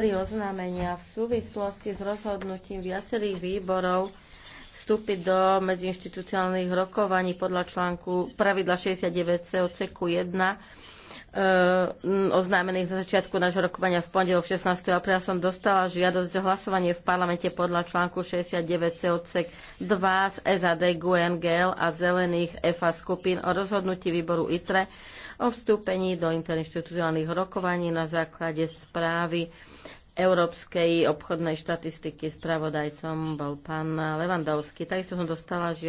tri oznámenia v súvislosti s rozhodnutím viacerých výborov vstúpiť do medziinstitucionálnych rokovaní podľa článku pravidla 69 C 1 Eh, oznámených za začiatku nášho rokovania v pondelok 16. apríla som dostala žiadosť o hlasovanie v parlamente podľa článku 69 odsek 2 z SAD GUNGL e a zelených FA skupín o rozhodnutí výboru ITRE o vstúpení do interinstitucionálnych rokovaní na základe správy Európskej obchodnej štatistiky. Spravodajcom bol pán Levandovský. Takisto som dostala žiadosť